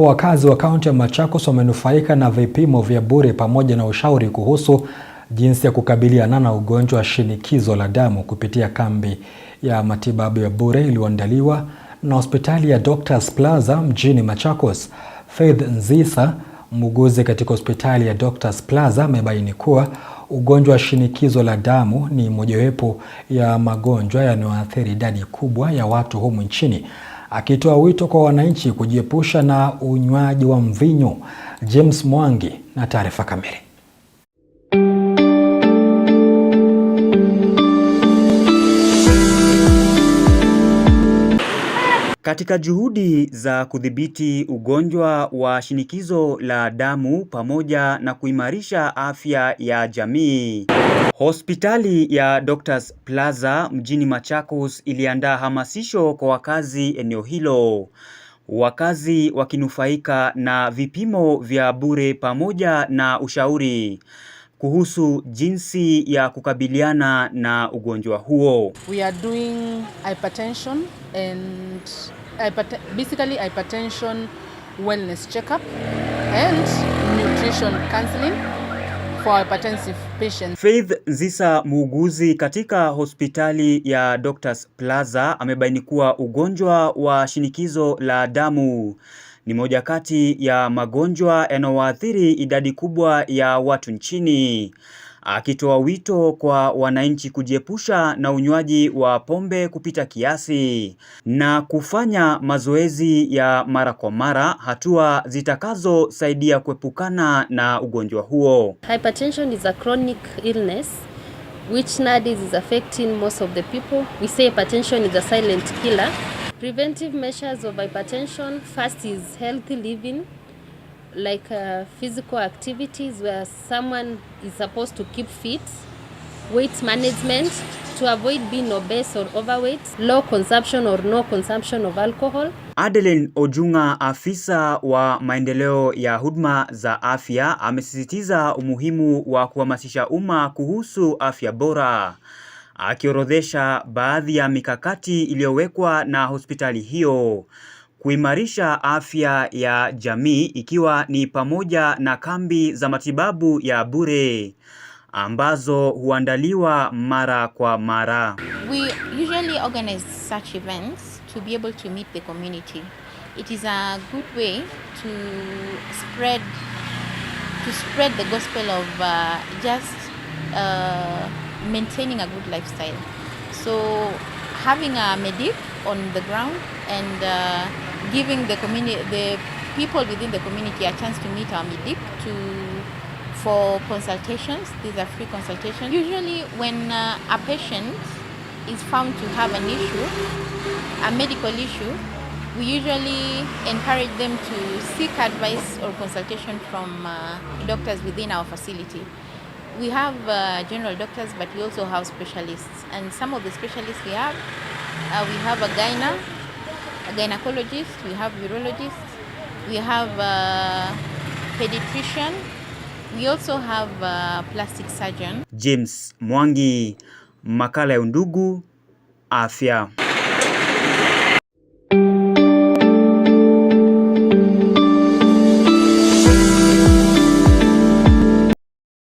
ambapo wakazi wa kaunti ya Machakos wamenufaika na vipimo vya bure pamoja na ushauri kuhusu jinsi ya kukabiliana na ugonjwa wa shinikizo la damu kupitia kambi ya matibabu ya bure iliyoandaliwa na hospitali ya Doctors Plaza mjini Machakos. Faith Nzisa, muuguzi katika hospitali ya Doctors Plaza, amebaini kuwa ugonjwa wa shinikizo la damu ni mojawapo ya magonjwa yanayoathiri idadi kubwa ya watu humu nchini akitoa wito kwa wananchi kujiepusha na unywaji wa mvinyo. James Mwangi na taarifa kamili. Katika juhudi za kudhibiti ugonjwa wa shinikizo la damu pamoja na kuimarisha afya ya jamii, hospitali ya Doctors Plaza mjini Machakos iliandaa hamasisho kwa wakazi eneo hilo, wakazi wakinufaika na vipimo vya bure pamoja na ushauri kuhusu jinsi ya kukabiliana na ugonjwa huo. We are doing hypertension and basically hypertension wellness checkup and nutrition counseling for hypertensive patients. Faith Nzisa, muuguzi katika hospitali ya Doctors Plaza, amebaini kuwa ugonjwa wa shinikizo la damu ni moja kati ya magonjwa yanayowaathiri idadi kubwa ya watu nchini, akitoa wito kwa wananchi kujiepusha na unywaji wa pombe kupita kiasi na kufanya mazoezi ya mara kwa mara, hatua zitakazosaidia kuepukana na ugonjwa huo. Hypertension is a chronic illness which nowadays is affecting most of the people. We say hypertension is a silent killer. Preventive measures of hypertension first is healthy living like uh, physical activities where someone is supposed to keep fit, weight management to avoid being obese or overweight, low consumption or no consumption of alcohol. Adeline Ojung'a, afisa wa maendeleo ya huduma za afya, amesisitiza umuhimu wa kuhamasisha umma kuhusu afya bora akiorodhesha baadhi ya mikakati iliyowekwa na hospitali hiyo kuimarisha afya ya jamii ikiwa ni pamoja na kambi za matibabu ya bure ambazo huandaliwa mara kwa mara. We usually organize such events to be able to meet the community. It is a good way to spread to spread the gospel of uh, just uh, maintaining a good lifestyle. So having a medic on the ground and uh, giving the community, the people within the community, a chance to meet our medic to for consultations. These are free consultations. Usually, when uh, a patient is found to have an issue, a medical issue, we usually encourage them to seek advice or consultation from uh, doctors within our facility. we have uh, general doctors but we also have specialists and some of the specialists we have uh, we have a gyna a gynecologist we have urologist we have a uh, pediatrician we also have a uh, plastic surgeon James Mwangi makala ya Undugu Afya